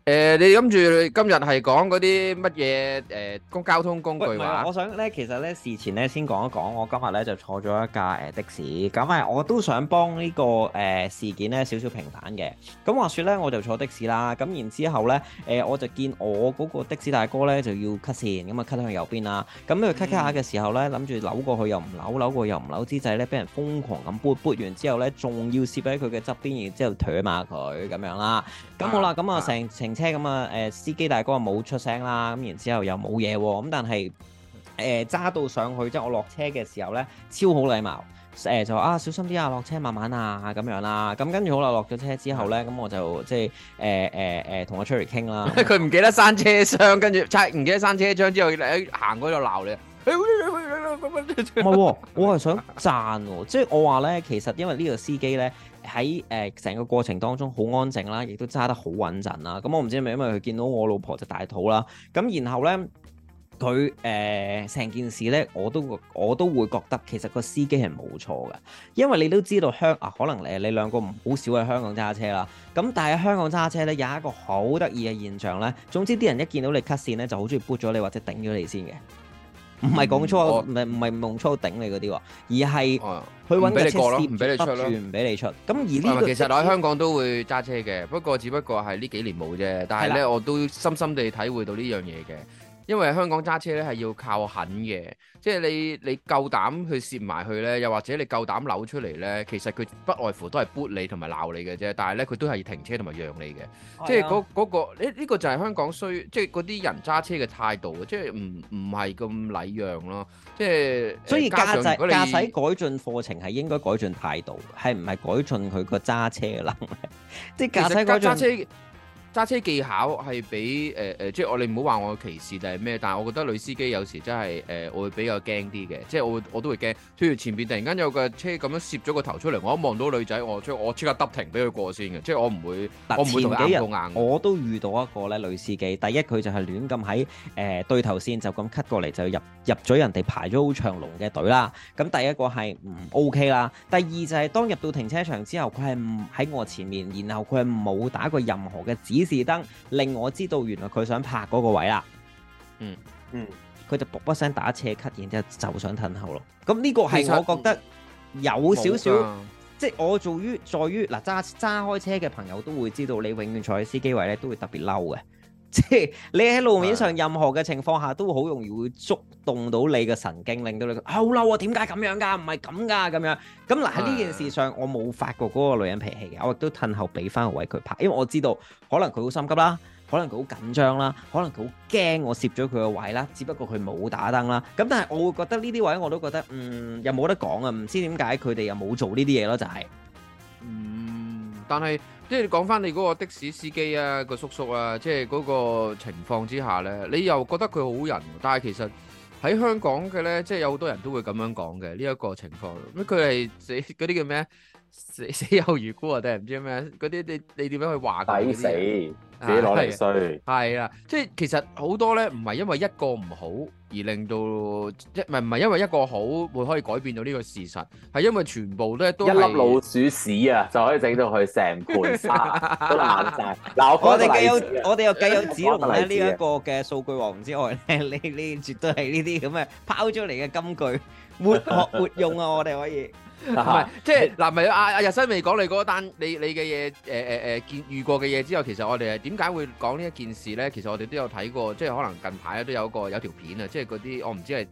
誒、呃，你諗住今日係講嗰啲乜嘢？誒、呃，公共交通工具啊？吧？唔係，我想咧，其實咧事前咧先講一講，我今日咧就坐咗一架誒的士，咁啊、這個，我都想幫呢個誒事件咧少少平反嘅。咁話說咧，我就坐的士啦，咁然之後咧，誒、呃，我就見我嗰個的士大哥咧就要 cut 線，咁啊 cut 向右邊啦，咁佢 cut cut 下嘅時候咧，諗住扭過去又唔扭，扭過去又唔扭，又唔扭之際咧，俾人瘋狂咁 boot boot 完之後咧，仲要攝喺佢嘅側邊，然之後拖下佢咁樣啦。咁好啦，咁啊成程。車咁啊，誒、嗯、司機大哥冇出聲啦，咁然之後又冇嘢，咁但係誒揸到上去即係、就是、我落車嘅時候咧，超好禮貌，誒、呃、就話啊，小心啲啊，落車慢慢啊咁樣啦，咁、嗯、跟住好啦，落咗車之後咧，咁、嗯、我就即係誒誒誒同我 Cherry 傾啦，佢、嗯、唔 記得閂車窗，跟住拆唔記得閂車窗之後行嗰度鬧你，唔係、 哦，我係想讚、哦，即、就、係、是、我話咧，其實因為呢個司機咧。喺誒成個過程當中好安靜啦，亦都揸得好穩陣啦。咁、嗯、我唔知係咪因為佢見到我老婆就大肚啦。咁然後呢，佢誒成件事呢，我都我都會覺得其實個司機係冇錯嘅，因為你都知道香啊，可能誒你兩個唔好少喺香港揸車啦。咁、嗯、但係香港揸車呢，有一個好得意嘅現象呢，總之啲人一見到你 cut 線呢，就好中意撥咗你或者頂咗你先嘅。唔係講錯，唔係唔係夢粗頂你嗰啲喎，是我而係去唔俾你過咯，唔俾著你出咯，唔俾你出。咁而呢其實我喺香港都會揸車嘅，不過只不過係呢幾年冇啫。但係咧，的我都深深地體會到呢樣嘢嘅。因為香港揸車咧係要靠狠嘅，即係你你夠膽去攝埋去咧，又或者你夠膽扭出嚟咧，其實佢不外乎都係撥你同埋鬧你嘅啫。但係咧，佢都係停車同埋讓你嘅，即係嗰個呢呢個就係香港需，即係嗰啲人揸車嘅態度，即係唔唔係咁禮讓咯。即係所以駕駛駕駛改進課程係應該改進態度，係唔係改進佢個揸車能力？即係駕駛改進。揸車技巧係比誒誒、呃，即係我你唔好話我歧視定係咩，但係我覺得女司機有時真係誒、呃，我會比較驚啲嘅，即係我我都會驚，譬如前面突然間有架車咁樣攝咗個頭出嚟，我一望到女仔，我出我即刻剎停俾佢過先嘅，即係我唔會幾我唔同硬，硬，我都遇到一個咧女司機，第一佢就係亂咁喺誒對頭線就咁 cut 過嚟就入入咗人哋排咗好長龍嘅隊啦，咁第一個係唔、嗯、OK 啦，第二就係、是、當入到停車場之後，佢係唔喺我前面，然後佢係冇打過任何嘅指。指示燈令我知道，原來佢想拍嗰個位啦、嗯。嗯嗯，佢就噗一聲打斜咳，然之後就想褪後咯。咁呢個係我覺得有少少，即係我做于在於嗱揸揸開車嘅朋友都會知道，你永遠坐喺司機位咧都會特別嬲嘅。即係你喺路面上任何嘅情況下，都好容易會觸動到你嘅神經，令到你好嬲啊！點解咁樣噶？唔係咁噶咁樣。咁嗱喺呢件事上，我冇發過嗰個女人脾氣嘅，我亦都褪後俾翻個位佢拍，因為我知道可能佢好心急啦，可能佢好緊張啦，可能佢好驚我攝咗佢個位啦。只不過佢冇打燈啦。咁但係我會覺得呢啲位我都覺得，嗯，又冇得講啊，唔知點解佢哋又冇做呢啲嘢咯就係。嗯，但係。即係講翻你嗰個的士司機啊，個叔叔啊，即係嗰個情況之下咧，你又覺得佢好人，但係其實喺香港嘅咧，即係有好多人都會咁樣講嘅呢一個情況。咁佢係嗰啲叫咩？死死有餘辜啊！定係唔知咩？嗰啲你你點樣去話佢？抵死，死自己攞嚟衰。係啊，即係其實好多咧，唔係因為一個唔好而令到一，唔係唔係因為一個好會可以改變到呢個事實，係因為全部都一粒老鼠屎啊，就可以整到佢成罐渣都爛晒。嗱，我哋計有我哋又計有子龍呢一個嘅數據王之外咧，你你絕對係呢啲咁嘅拋出嚟嘅金句，活學活用啊！我哋可以。唔 即係嗱，咪係阿日新未講你嗰單你你嘅嘢，誒誒誒見遇過嘅嘢之後，其實我哋誒點解會講呢一件事咧？其實我哋都有睇過，即係可能近排都有個有條片、呃、啊，即係嗰啲我唔知係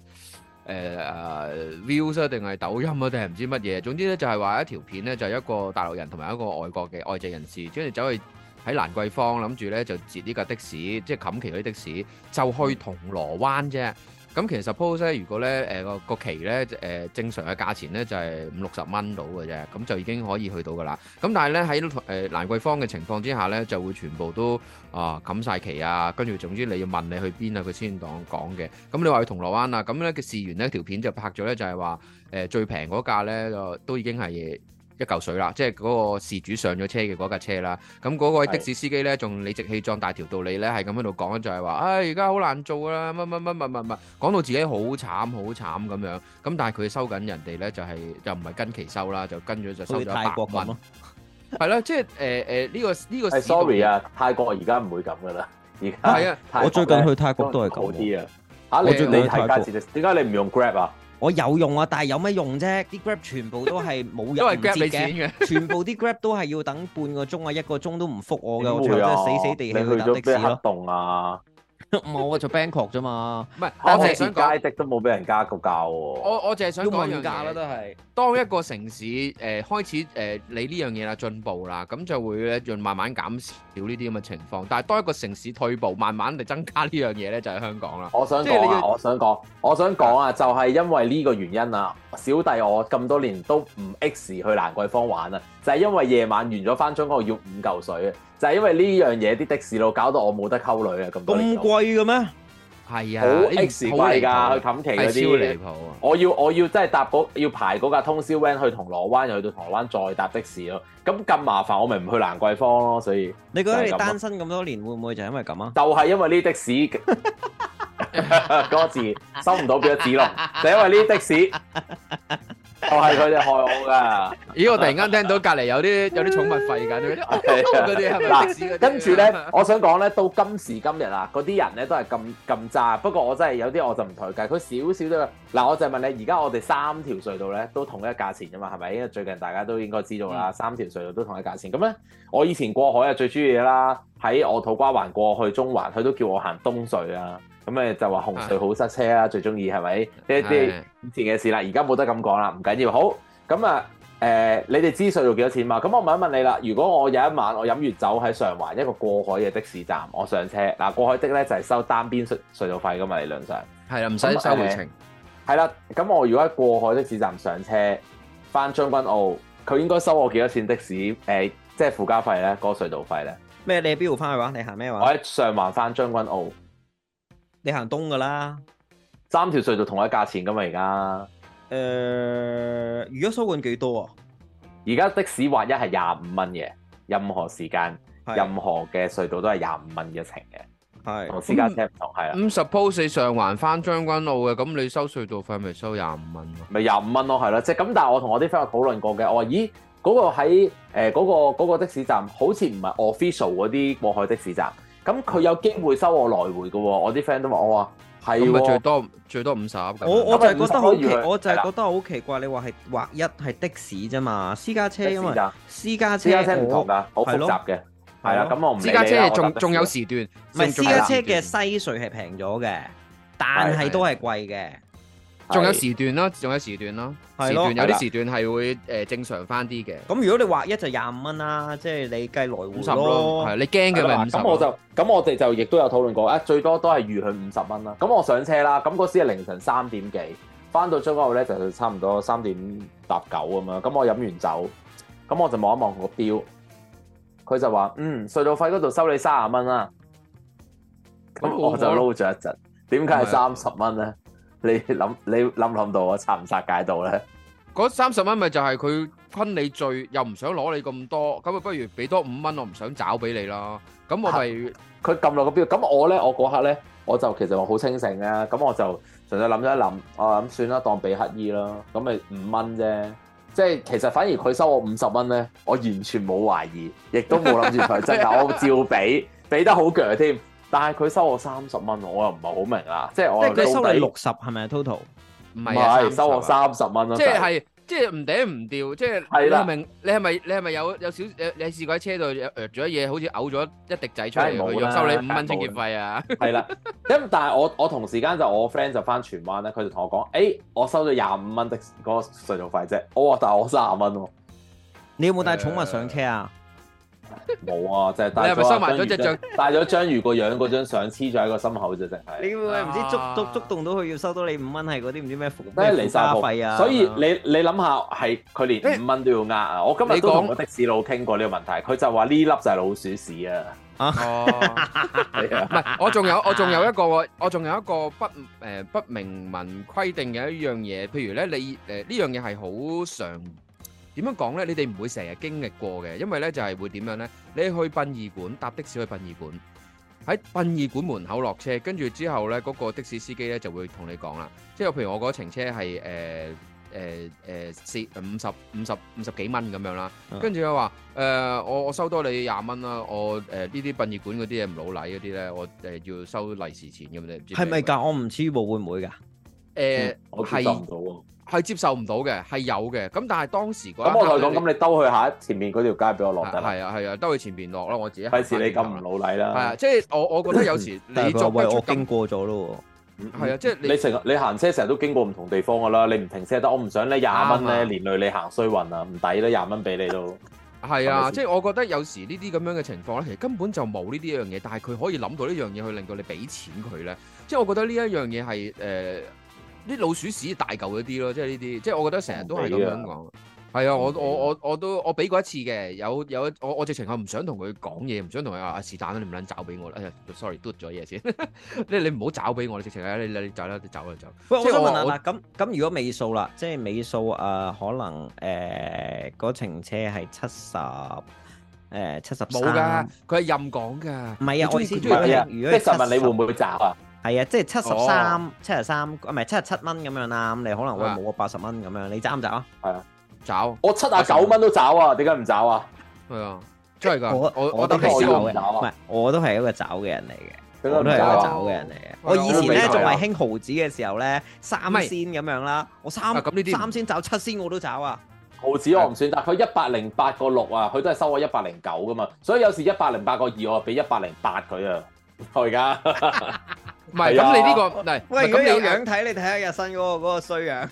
誒誒 Views 定、啊、係抖音啊定係唔知乜嘢。總之咧就係、是、話一條片咧就係一個大陸人同埋一個外國嘅外籍人士，跟住走去喺蘭桂坊諗住咧就截呢架的士，即係冚旗嗰啲的士，就去銅鑼灣啫。咁其實 suppose 如果咧誒、呃、個個旗咧誒正常嘅價錢咧就係五六十蚊到嘅啫，咁就已經可以去到㗎喇。咁但係咧喺誒蘭桂坊嘅情況之下咧，就會全部都啊冚曬旗啊，跟住總之你要問你去邊啊，佢先當講嘅。咁你話去銅鑼灣啊，咁咧嘅事完呢條片就拍咗咧，就係話誒最平嗰價咧就都已經係。一嚿水啦，即係嗰個事主上咗車嘅嗰架車啦。咁嗰個的士司機咧，仲理直氣壯大條道理咧，係咁喺度講，就係話，唉，而家好難做啦，乜乜乜乜乜乜，講到自己好慘好慘咁樣。咁但係佢收緊人哋咧，就係就唔係跟期收啦，就跟咗就收咗百蚊咯。係啦，即係誒誒，呢個呢個。sorry 啊，泰國而家唔會咁噶啦，而家係啊，我最近去泰國都係咁啲啊。吓，你你係駕駛，點解你唔用 Grab 啊？我有用啊，但係有咩用啫，啊？啲 Grab 全部都係冇人唔接嘅， 的 全部啲 Grab 都係要等半個鐘啊，一個鐘都唔覆我嘅，啊、我真係死死地氣去咗的士咯。冇 是 啊，做 banking 啫嘛，唔係，我淨係想講，即使都冇俾人加個價喎。我我淨係想講樣嘢啦，都係當一個城市誒、呃、開始誒、呃、理呢樣嘢啦，進步啦，咁就會咧就慢慢減少呢啲咁嘅情況。但係當一個城市退步，慢慢嚟增加呢樣嘢咧，就喺、是、香港啦、啊。我想講啊，我想講，我想講啊，就係、是、因為呢個原因啊，小弟我咁多年都唔 X 去蘭桂坊玩啊。就係因為夜晚完咗翻香港要五嚿水，就係、是、因為呢樣嘢啲的士佬搞到我冇得溝女啊！咁咁貴嘅咩？係啊，好 X 貴㗎，去氹企嗰啲，超離譜我！我要我要真係搭嗰要排架通宵 van 去銅鑼灣，又去到銅鑼灣再搭的士咯。咁咁麻煩，我咪唔去蘭桂坊咯。所以你覺得你單身咁多年，多年會唔會就係因為咁啊？就係因為呢的士嗰字收唔到邊個字咯？就因為呢啲的士。 就係佢哋害我噶， 咦！我突然間聽到隔離有啲有啲寵物吠緊，嗰啲啲係咪？跟住咧， 我想講咧，到今時今日啊，嗰啲人咧都係咁咁渣。不過我真係有啲我就唔同佢計，佢少少啫。嗱，我就問你，而家我哋三條隧道咧都同一價錢㗎嘛？係咪？因為最近大家都應該知道啦，嗯、三條隧道都同一價錢。咁咧，我以前過海啊最中意啦，喺我土瓜灣過去，去中環，佢都叫我行東隧啊。咁啊、嗯、就話紅隧好塞車啦，啊、最中意係咪？呢啲以前嘅事啦，而家冇得咁講啦，唔緊要。好咁啊，誒、呃，你哋知隧道幾多錢嘛？咁我問一問你啦。如果我有一晚我飲完酒喺上環一個過海嘅的，的士站，我上車嗱、呃，過海的咧就係、是、收單邊隧隧道費噶嘛？理論上係啦，唔使收回程、嗯。係啦的，咁我如果喺過海的士站上車翻將軍澳，佢應該收我幾多錢的士？誒、呃，即係附加費咧，過、嗰個、隧道費咧？咩？你邊度翻去玩？你行咩話？我喺上環翻將軍澳。你行東噶啦，三條隧道同一價錢噶嘛而家？誒，而家收緊幾多啊？而家、呃啊、的士劃一係廿五蚊嘅，任何時間、是任何嘅隧道都係廿五蚊一程嘅，係是同私家車唔同，係啦、嗯。咁了、嗯、suppose 你上環翻將軍澳嘅，咁你收隧道費咪收廿五蚊？咪廿五蚊咯，係啦，即係咁。但係我同我啲 friend 友討論過嘅，我話咦嗰、那個喺誒嗰個、那個的士站，好似唔係 official 嗰啲過海的士站。咁佢有機會收我來回㗎喎，我啲 friend 都話我話係咪最多最多五十蚊？我我就係覺得好奇，我就係覺得好奇怪，你話係劃一係的士啫嘛，私家車因為私家車唔同㗎，好複雜嘅，係啦，咁我唔私家車仲仲有時段，唔係私家車嘅西隧係平咗嘅，但係都係貴嘅。仲有時段啦，仲有時段啦，時段有啲時段係會誒正常翻啲嘅。咁如果你話一就廿五蚊啦，即係你計來回咯，係你驚嘅咪五十。咁我就咁我哋就亦都有討論過，誒最多都係預佢五十蚊啦。咁我上車啦，咁嗰時係凌晨三點幾，翻到出嗰度咧就差唔多三點搭九咁樣。咁我飲完酒，咁我就望一望個表，佢就話嗯隧道費嗰度收你三十蚊啦，咁我就撈咗一陣，點解係三十蚊咧？你諗你諗唔諗到我殺唔殺界到咧？嗰三十蚊咪就係佢昆你罪又唔想攞你咁多，咁啊不如俾多五蚊我唔想找俾你咯。咁我咪佢撳落個表，咁我咧我嗰刻咧我就其實我好清醒啊。咁我就純粹諗咗一諗，我諗算啦當俾乞衣咯。咁咪五蚊啫，即係其實反而佢收我五十蚊咧，我完全冇懷疑，亦都冇諗住佢係真噶，我照俾，俾得好腳添。但係佢收我三十蚊，我又唔係好明啊！即係我即係佢收你六十係咪 total？唔係是元收我三十蚊咯。即係即係唔嗲唔掉，即係的你明？你係咪你係咪有有少？你你試過喺車度約咗嘢，好似嘔咗一滴仔出嚟，佢收你五蚊清潔費啊？係 啦。咁但係我我同時間就我 friend 就翻荃灣咧，佢就同我講：，誒、欸，我收咗廿五蚊的嗰個隧道費啫。我話：但係我三十蚊喎。你有冇帶寵物上車啊？Yeah. 冇啊，就係你係咪收埋咗隻像？帶咗章魚個樣嗰張相黐咗喺個心口啫，係你會唔知觸觸觸動到佢要收多你五蚊，係嗰啲唔知咩服務費啊？所以你你諗下，係佢連五蚊都要呃啊！我今日都同個的士佬傾過呢個問題，佢就話呢粒就係老鼠屎啊！哦，係啊，唔係我仲有我仲有一個我仲有一個不誒不明文規定嘅一樣嘢，譬如咧你誒呢樣嘢係好常。點樣講咧？你哋唔會成日經歷過嘅，因為咧就係會點樣咧？你去殯儀館搭的士去殯儀館，喺殯儀館門口落車，跟住之後咧，嗰個的士司機咧就會同你講啦。即係譬如我嗰程車係誒誒誒四五十五十五十幾蚊咁樣啦，跟住佢話誒我我收多你廿蚊啦，我誒呢啲殯儀館嗰啲嘢唔老禮嗰啲咧，我誒要收利是錢咁你唔知。係咪噶？我唔知會會唔會噶？誒，我接受唔到喎。係接受唔到嘅，係有嘅。咁但係當時嗰，咁我講，咁你兜去下前面嗰條街俾我落得啦。係啊，係啊，兜、啊啊、去前面落啦，我自己行。費事你咁唔努力啦。係啊，即係我我覺得有時你作為 是他 我經過咗咯，係、嗯嗯、啊，即係你成你，你行車成日都經過唔同地方噶啦，你唔停車得，我唔想咧廿蚊咧連累你行衰運啊，唔抵啦，廿蚊俾你都。係啊，即係我覺得有時呢啲咁樣嘅情況咧，其實根本就冇呢啲樣嘢，但係佢可以諗到呢樣嘢去令到你俾錢佢咧，即係我覺得呢一樣嘢係誒。呃啲老鼠屎大嚿嗰啲咯，即係呢啲，即係我覺得成日都係咁樣講。係啊，啊啊我我我我都我俾過一次嘅，有有我我直情係唔想同佢講嘢，唔想同佢啊是但啦，你唔撚找俾我啦、哎，sorry，嘟咗嘢先 你。你你唔好找俾我，你直情啊，你你找啦，找就找。喂，即是 我想問嗱、啊，咁咁如果尾數啦，即係尾數啊、呃，可能誒嗰、呃、程車係七十誒七十，冇噶，佢係任講噶，唔係啊，我意思係啊，即係問你會唔會找啊？係啊，即係七十三、七十三，唔係七十七蚊咁樣啦。咁你可能會冇個八十蚊咁樣，你找唔找？啊？係啊，找！我七啊九蚊都找啊，點解唔找啊？係啊，真係噶！我我我都係找嘅，唔係我都係一個找嘅人嚟嘅，我都係一個找嘅人嚟嘅。我以前咧仲係興毫子嘅時候咧，三仙咁樣啦，我三三仙找七仙我都找啊！毫子我唔算，但係佢一百零八個六啊，佢都係收我一百零九噶嘛，所以有時一百零八個二我俾一百零八佢啊，我而家。唔係，咁你呢個，唔係，咁你樣睇你睇下日新嗰個嗰個衰樣。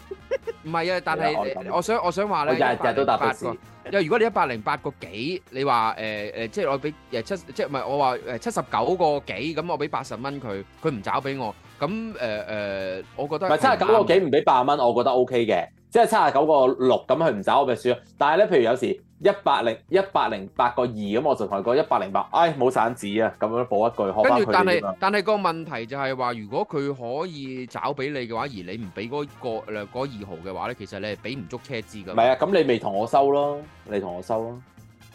唔係啊，但係我想我想話咧，日日都達八個。又如果你一百零八個幾，個你話誒誒，即係我俾誒七，即係唔係我話誒七十九個幾，咁我俾八十蚊佢，佢唔找俾我，咁誒誒，我覺得。唔係七十九個幾唔俾八十蚊，我覺得 OK 嘅，即係七十九個六，咁佢唔找我咪輸。但係咧，譬如有時。一百零一百零八個二咁，100, 2，我就同佢講一百零八，唉，冇散紙啊，咁樣補一句，跟住，但係但係個問題就係話，如果佢可以找俾你嘅話，而你唔俾嗰個嗱嗰二毫嘅話咧，其實你係俾唔足車資噶。唔係啊，咁你未同我收咯，你同我收咯，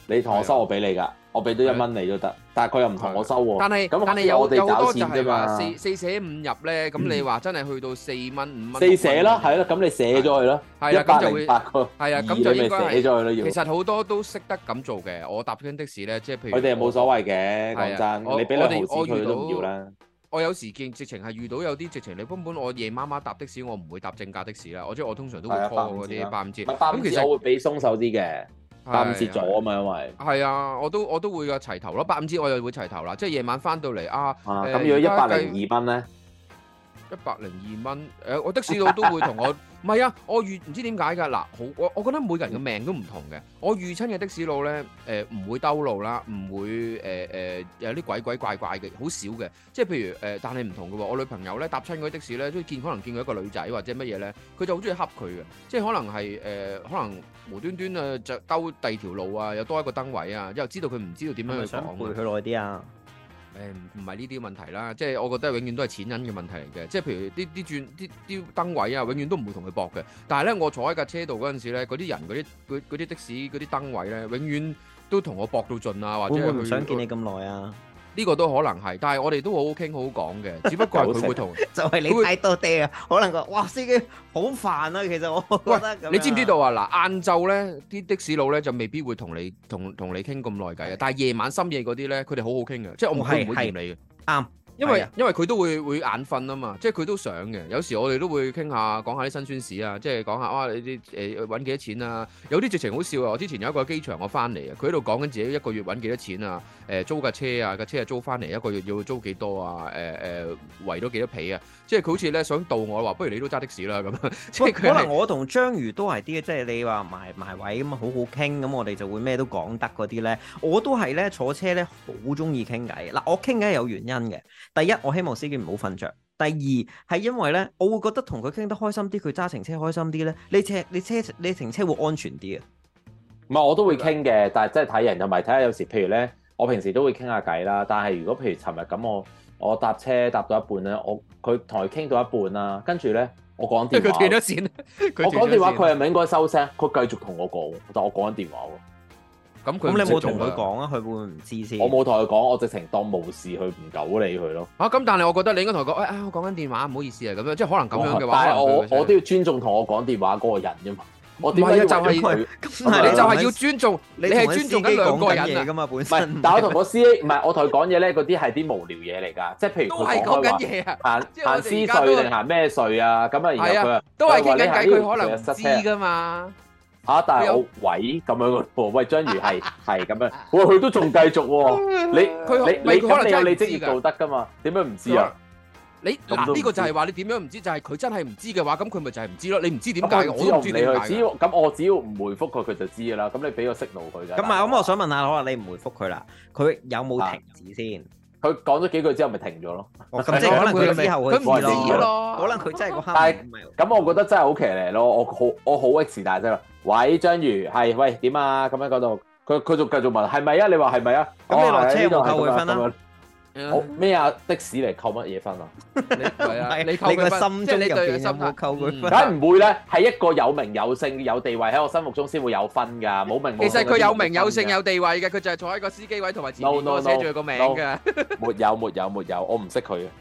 你同我收，我俾你噶。我俾多一蚊你都得，但係佢又唔同我收喎。但係咁，但係有好多就係四四捨五入咧。咁你話真係去到四蚊五蚊。四捨啦，係啦。咁你寫咗佢咯。一百零八個，係啊，咁就應該係。其實好多都識得咁做嘅。我搭親的士咧，即係譬如。佢哋係冇所謂嘅，講真。你俾我冇錢佢都要啦。我有時見直情係遇到有啲直情，你根本我夜媽媽搭的士，我唔會搭正價的士啦。我即係我通常都 call 嗰啲百五折。百五折，咁其實我會俾鬆手啲嘅。八五折左，啊嘛，因為係啊，我都我都會個齊頭咯，八五折我又會齊頭啦，即係夜晚返到嚟啊，咁、啊呃、如果一百零二蚊咧？一百零二蚊，誒、呃、我的士佬都會同我，唔係 啊，我遇唔知點解㗎嗱，好我我覺得每個人嘅命都唔同嘅，我遇親嘅的士佬咧，誒、呃、唔會兜路啦，唔會誒誒、呃呃、有啲鬼鬼怪怪嘅，好少嘅，即係譬如誒、呃，但係唔同嘅，我女朋友咧搭親嗰啲的士咧，都見可能見到一個女仔或者乜嘢咧，佢就好中意恰佢嘅，即係可能係誒、呃、可能無端端啊就兜第二條路啊，又多一個燈位啊，之後知道佢唔知道講是是點樣去講，陪佢耐啲啊。誒唔係呢啲問題啦，即係我覺得永遠都係錢銀嘅問題嚟嘅，即係譬如啲啲轉啲啲燈位啊，永遠都唔會同佢搏嘅。但係咧，我坐喺架車度嗰陣時咧，嗰啲人嗰啲啲的士嗰啲燈位咧，永遠都同我搏到盡啊，或者我唔想見你咁耐啊。呢個都可能係，但係我哋都好好傾、好好講嘅，只不過係佢會同， 就係你太多釘啊，會可能個哇司機好煩啊，其實我覺得咁。你知唔知道啊？嗱，晏晝咧啲的士佬咧就未必會同你同同你傾咁耐偈啊。的但係夜晚深夜嗰啲咧，佢哋好好傾嘅，即係我唔會唔的會掂你嘅。啱。因為因為佢都會會眼瞓啊嘛，即係佢都想嘅。有時我哋都會傾下，講下啲辛酸事啊，即係講下啊，你啲誒揾幾多錢啊？有啲直情好笑啊！我之前有一個機場我，我翻嚟啊，佢喺度講緊自己一個月揾幾多錢啊？誒、呃、租架車啊，架車啊租翻嚟，一個月要租幾多啊？誒、呃、誒、呃、圍咗幾多皮啊？即係佢好似咧想到我話，我不如你都揸的士啦咁。即係可能我同章魚都係啲，即係你話埋埋位咁好好傾咁，我哋就會咩都講得嗰啲咧。我都係咧坐車咧，好中意傾偈。嗱，我傾偈有原因嘅。第一，我希望司機唔好瞓着；第二係因為咧，我會覺得同佢傾得開心啲，佢揸程車開心啲咧。你車你車你停車會安全啲啊。唔係我都會傾嘅，但係即係睇人又唔睇下有時，譬如咧，我平時都會傾下偈啦。但係如果譬如尋日咁我。我搭車搭到一半咧，我佢同佢傾到一半啦，跟住咧我講電話，佢斷咗線咧，佢斷咗線咧。我講電話佢係咪應該收聲？佢繼續同我講，但我講緊電話喎。咁咁、嗯、你冇同佢講啊？佢、嗯、會唔知先？我冇同佢講，我直情當無事去，唔狗理佢咯。啊！咁但係我覺得你應該同佢講，哎呀，我講緊電話，唔好意思啊，咁樣即係可能咁樣嘅話，但係我我都要尊重同我講電話嗰個人啫嘛。我點解就係佢？你就係要尊重，你係尊重緊兩個人啊嘛，本身。唔係，但我同個司機唔係，我同佢講嘢咧，嗰啲係啲無聊嘢嚟㗎，即係譬如佢講緊嘢啊，行行私稅定行咩稅啊？咁啊，然後佢話都係傾緊偈，佢可能知㗎嘛吓，但係我，喂咁樣喎，喂，章魚係係咁樣，我佢都仲繼續喎。你你你咁你有你職業道德㗎嘛？點解唔知啊？你呢個就係話你點樣唔知就係佢真係唔知嘅話，咁佢咪就係唔知咯？你唔知點解我都唔知，你只要咁，我只要唔回覆佢，佢就知噶啦。咁你俾個息怒佢就。咁啊，咁我想問下，可能你唔回覆佢啦，佢有冇停止先？佢講咗幾句之後，咪停咗咯？咁即係可能佢之後佢移怒咯。可能佢真係個黑。但係咁，我覺得真係好騎呢咯。我好我好 x 大隻啦。喂，章魚係喂點啊？咁喺嗰度，佢佢仲繼續問係咪啊？你話係咪啊？咁你落車就救佢分啦。好咩啊？的士嚟扣乜嘢分啊？ 是你扣佢分你個心中又點啊？冇扣分，梗唔會咧。係 一個有名有，有，有，名有，有名有姓有地位喺我心目中先會有分噶。冇名，其實佢有名有姓有地位嘅，佢就係坐喺個司機位同埋前面 no, no, no, 我寫住佢個名噶、no, no.。沒有沒有沒有，我唔識佢啊。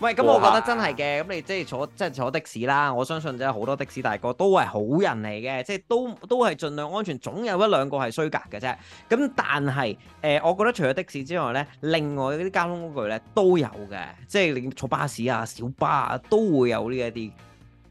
喂，咁我覺得真係嘅，咁你即係坐即係坐的士啦，我相信即係好多的士大哥都係好人嚟嘅，即係都都係儘量安全，總有一兩個係衰格嘅啫。咁但係誒、呃，我覺得除咗的士之外咧，另外啲交通工具咧都有嘅，即係你坐巴士啊、小巴啊，都會有呢一啲。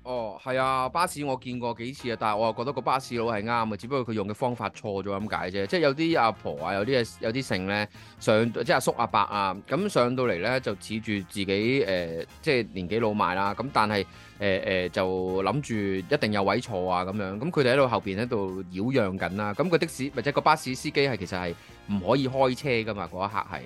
哦，係啊，巴士我見過幾次啊，但係我又覺得個巴士佬係啱啊，只不過佢用嘅方法錯咗咁解啫。即係有啲阿婆啊，有啲嘢，有啲成咧上，即係阿叔阿伯啊，咁、嗯、上到嚟咧就恃住自己誒、呃，即係年紀老邁啦、啊。咁、嗯、但係誒誒就諗住一定有位坐啊咁樣。咁佢哋喺度後邊喺度擾攘緊啦。咁、嗯、個的士或者個巴士司機係其實係唔可以開車㗎嘛。嗰一刻係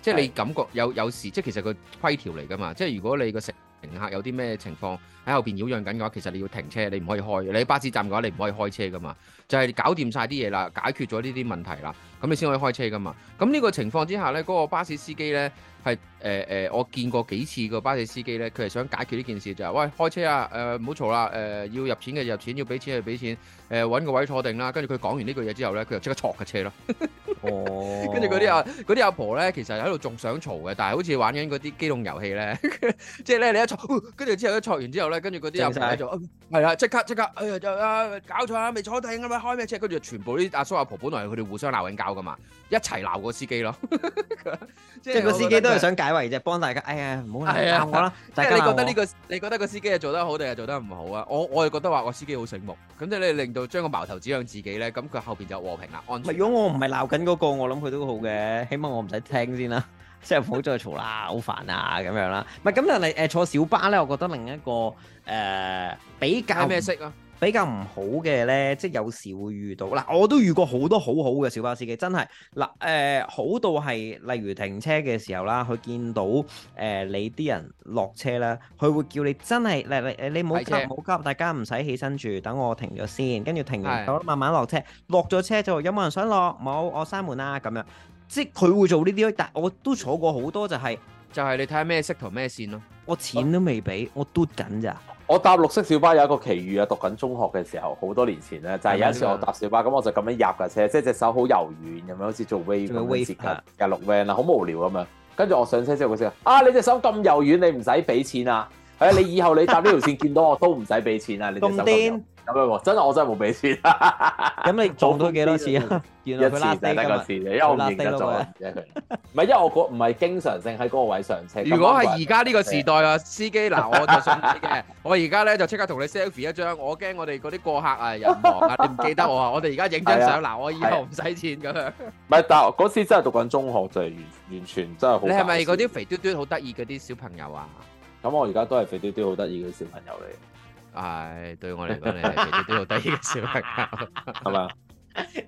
即係你感覺有有，有時，即係其實個規條嚟㗎嘛。即係如果你個成乘客有啲咩情況喺後邊擾攘緊嘅話，其實你要停車，你唔可以開嘅。你喺巴士站嘅話，你唔可以開車噶嘛。就係、是、搞掂晒啲嘢啦，解決咗呢啲問題啦，咁你先可以開車噶嘛。咁呢個情況之下呢，嗰、嗰個巴士司機呢。係。誒誒、呃，我見過幾次個巴士司機咧，佢係想解決呢件事就係、是，喂，開車啊，誒唔好嘈啦，誒、呃、要入錢嘅入錢，要俾錢嘅俾錢，誒、呃、搵個位坐定啦。跟住佢講完呢句嘢之後咧，佢就即刻駙嘅車咯。哦。跟住嗰啲阿啲阿婆咧，其實喺度仲想嘈嘅，但係好似玩緊嗰啲機動遊戲咧，即係咧你一駙，跟、呃、住之後一駙完之後咧，跟住嗰啲又唔使做，係、呃、啦，即刻即刻，哎呀就啊搞錯啊，未坐定啊嘛，開咩車？跟住全部啲阿叔阿婆本來佢哋互相鬧緊交㗎嘛，一齊鬧個司機咯 是說。即係個司機都係想就幫大家，哎呀，唔好鬧我啦！即係你覺得呢個，你覺得個司機係做得好定係做得唔好啊？我我係覺得話個司機好醒目，咁即係你令到將個矛頭指向自己咧，咁佢後邊就和平啦，安。唔係，如果我唔係鬧緊嗰個，我諗佢都好嘅，起碼我唔使聽先啦，即係唔好再嘈啦，好煩啊咁樣啦。唔係咁但係誒，坐小巴咧，我覺得另一個誒，比較咩色啊？比較唔好嘅呢，即係有時會遇到嗱，我都遇過好多好好嘅小巴司機，真係嗱誒，好到係例如停車嘅時候啦，佢見到誒、呃、你啲人落車咧，佢會叫你，真係你唔好急車，大家唔使起身住，等我停咗先，跟住停完，我的慢慢落車，落咗車，就有冇人想落冇？我閂門啦、啊！」咁樣，即係佢會做呢啲。但我都坐過好多就係、是，就係你睇下咩色同咩線咯、啊。我錢都未俾，我嘟緊咋？我搭綠色小巴有一個奇遇啊！讀緊中學嘅時候，好多年前咧，就係、是、有一次我搭小巴，咁吧我就咁樣入架車，即係隻手好柔軟咁樣，好似做 wave 咁要樣截架綠 van 啊，好無聊咁樣。跟住我上車之後，佢先啊，你隻手咁柔軟，你唔使俾錢啊！誒，你以後你搭呢條線見到我都唔使俾錢啊！你咁癲？咁樣，真係我真係冇俾錢。咁你坐咗幾多次啊？一次定個事，因為我唔認得坐。唔係，因為我唔係經常性喺嗰個位上車。如果係而家呢個時代啊，司機嗱，我就想嘅，我而家咧就即刻同你 selfie 一張。我驚我哋嗰啲過客啊，人忙啊，你唔記得我啊？我哋而家影張相。嗱，我以後唔使錢咁樣。唔係，但嗰時真係讀緊中學，就係完完全真係好。你係咪嗰啲肥嘟嘟好得意嗰啲小朋友啊？咁我而家都係肥嘟嘟好得意嘅小朋友嚟。唉，對我嚟講，你係肥嘟嘟好得意嘅小朋友，係咪啊？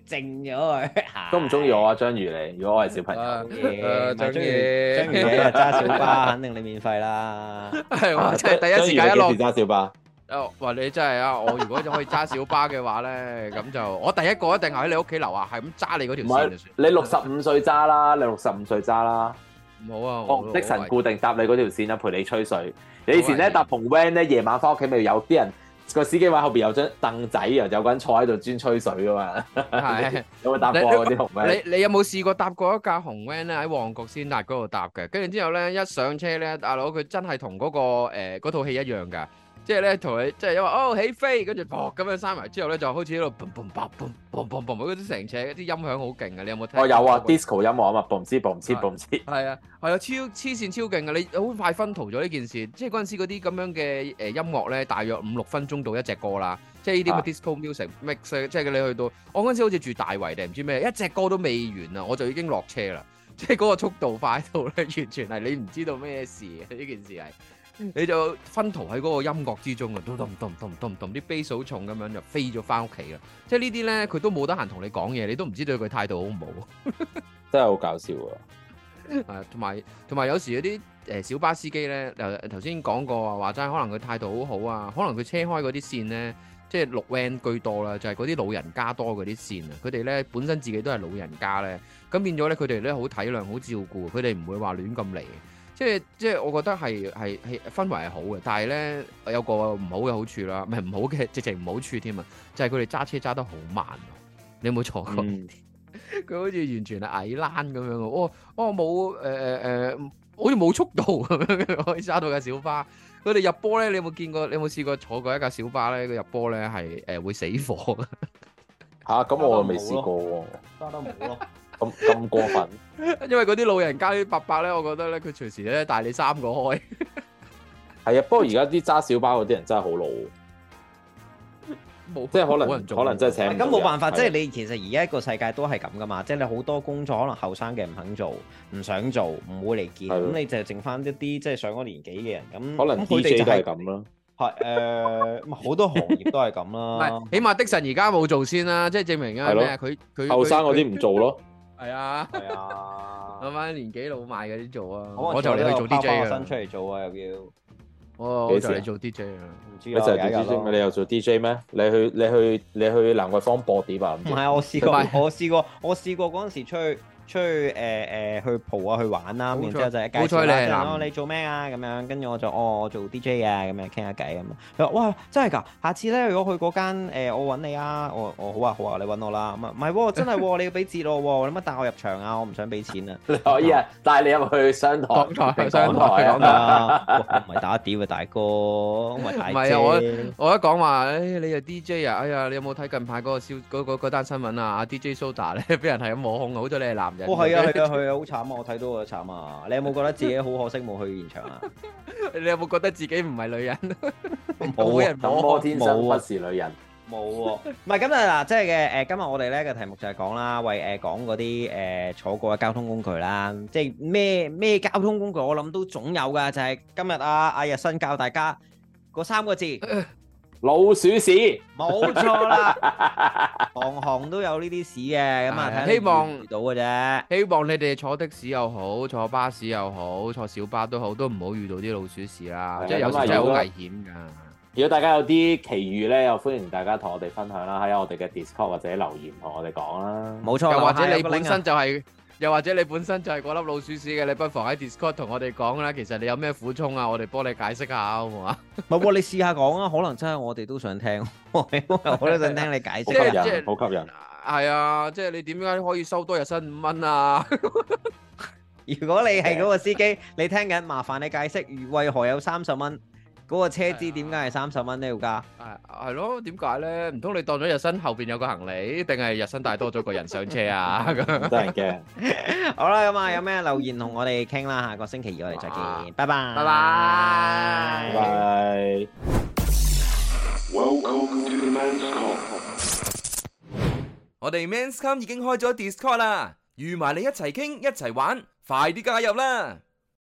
靜咗佢！都唔中意我啊，章魚你，如果我係小朋友，最中意章魚。章魚你揸小巴，肯定你免費啦，係我真係第一時間一路揸小巴。啊，話你真係啊，我如果可以揸小巴嘅話咧，咁就我第一個一定係喺你屋企留啊，係咁揸你嗰條線就算。你六十五歲揸啦，你六十五歲揸啦。冇啊！哦、我即神固定搭你嗰條線，陪你吹水。你以前咧搭紅 van 咧，夜晚翻屋企咪有啲人個司機位後邊有張凳仔，然後有個人坐喺度專吹水噶嘛。係，有冇搭過啲紅 van？你你有冇 試過搭過一架紅 van 咧？喺旺角先達嗰度搭嘅，跟住之後咧一上車咧，大佬佢真係同嗰個嗰套、呃、戲一樣㗎。即係咧，同佢即係因為哦起飛，跟住啵咁樣閂埋之後咧，就開始喺度嘣嘣嘣嘣嘣嘣嘣，嗰啲成車啲音響好勁嘅，你有冇聽過？我有啊，disco、那個、音樂啊嘛，boom 知，boom 知，boom 知，係啊，係啊，超黐線超勁啊。你好快分逃咗呢件事。即係嗰陣時嗰啲咁樣嘅誒音樂咧，大約五六分鐘到一隻歌啦。即係呢啲嘅 disco music mix，即係你去到、啊、我嗰陣時好似住大圍定唔知咩，一隻歌都未完啊，我就已經落車啦。即係嗰個速度快到咧，完全係你唔知道咩事啊！呢件事係。你就分途喺嗰個音樂之中啊！咚咚咚咚咚啲 bass 好重咁樣就飛咗翻屋企啦！即係呢啲咧，佢都冇得閒同你講嘢，你都唔知道佢態度好唔好， 真係好搞笑， 啊！誒，同埋同埋有時有啲誒小巴司機咧，頭先講過話話齋，說說可能佢態度好好啊，可能佢車開嗰啲線咧，即係六 van 居多啦，就係嗰啲老人家多嗰啲線啊！佢哋咧本身自己都係老人家咧，咁變咗咧佢哋咧好體諒、好照顧，佢哋唔會話亂咁嚟。即係即係，我覺得係係係氛圍係好嘅，但係咧有個唔好嘅好處啦，唔係唔好嘅直情唔好處添啊！就係佢哋揸車揸得好慢咯。你有冇坐過？佢、嗯、 好似完全係矮欄咁樣喎，哦，我冇誒誒誒，好似冇速度咁樣可以揸到架小巴。佢哋入波咧，你有冇見過？你有冇試過坐過一架小巴咧？佢入波咧係誒會死火啊！嚇！咁我未試過喎、喔。揸得唔好咯～咁咁過分，因為嗰啲老人家啲伯伯咧，我覺得咧佢隨時咧帶你三個開，係啊。不過而家啲揸小巴嗰啲人真係好老，即係可能可能真係請唔到。咁冇辦法，即係你其實而家一個世界都係咁噶嘛，即係你好多工作可能後生嘅唔肯做，唔想做，唔會嚟見，咁你就剩翻一啲即係上咗年紀嘅人咁。可能呢啲都係咁咯，係誒，好多行業都係咁啦。起碼的神而家冇做先啦，即係證明啊咩佢佢後生啲唔做咯。係啊，係啊。諗翻 年紀老邁嗰啲做啊，好我就你去做 DJ 我做啊，新出嚟做啊又要，哦我，我就你做 DJ 啊，知你就點知你又做 DJ 咩？你去你去你去，你去蘭桂坊播碟啊？唔係我試過， 過，我試過，我試過嗰陣時出去。出去誒誒、呃、去蒲啊去玩啦，然之後就介紹下你，你做咩啊？咁樣跟住我就哦，我做 DJ 啊，咁樣傾下偈咁咯。佢話：哇，真係㗎！下次咧，如果去嗰間、呃、我揾你啊。我我好啊好啊，你揾我啦。唔係、啊，真係、啊、你要俾折我， 你乜帶我入場啊？我唔想俾錢啊。 你可以啊，帶你入去商台，商台啊。唔係 打碟啊，大哥，唔係 DJ。我一講話、哎、你係 DJ 啊。哎呀，你有冇睇近排嗰個消嗰單新聞啊？DJ Soda 咧， 俾人係咁摸控，好在你係男。哦，係啊，係啊，係啊，好慘啊！慘我睇到啊，慘啊！你有冇覺得自己好可惜冇去現場啊？ 你有冇覺得自己唔係女人？冇、 啊，我 天生不是女人。冇啊，唔係咁啊！嗱、啊，即係嘅，誒、就是呃，今日我哋咧嘅題目就係講啦，為誒、呃、講嗰啲誒坐過嘅交通工具啦，即係咩咩交通工具，我諗都總有噶，就係、是、今日啊，阿、啊、日新教大家嗰三個字。 老鼠屎錯，冇錯啦，行行都有呢啲屎嘅。咁啊，希望遇到嘅啫。希望你哋坐的士又好，坐巴士又好，坐小巴都好，都唔好遇到啲老鼠屎啦， 即係有時真係好危險噶。如果、嗯嗯、大家有啲奇遇咧，又歡迎大家同我哋分享啦，喺我哋嘅 Discord 或者留言同我哋講啦。冇錯錯，又或者你本身就係、是。又或者你本身就係嗰粒老鼠屎嘅，你不妨喺 Discord 同我哋講啦。其實你有咩苦衷啊？我哋幫你解釋下，好嘛？好不？不過，你試下講啦，可能真係我哋都想聽。 我都想聽你解釋，好 是是吸引。係啊，啊，即係你點解可以收多日薪五蚊啊？ 如果你係嗰個司機，你聽緊，麻煩你解釋，為何有三十蚊？嗰個車資點解係三十蚊都要加？係係咯，點解咧？唔通你當咗日新後邊有個行李，定係日新帶多咗個人上車啊？咁都係嘅。好啦，咁啊，有咩留言同我哋傾啦？下個星期二我哋再見，拜拜拜拜。Welcome to the Men's Come。我哋 Men's Come 已經開咗 Discord 啦，預埋你一齊傾一齊玩，快啲加入啦！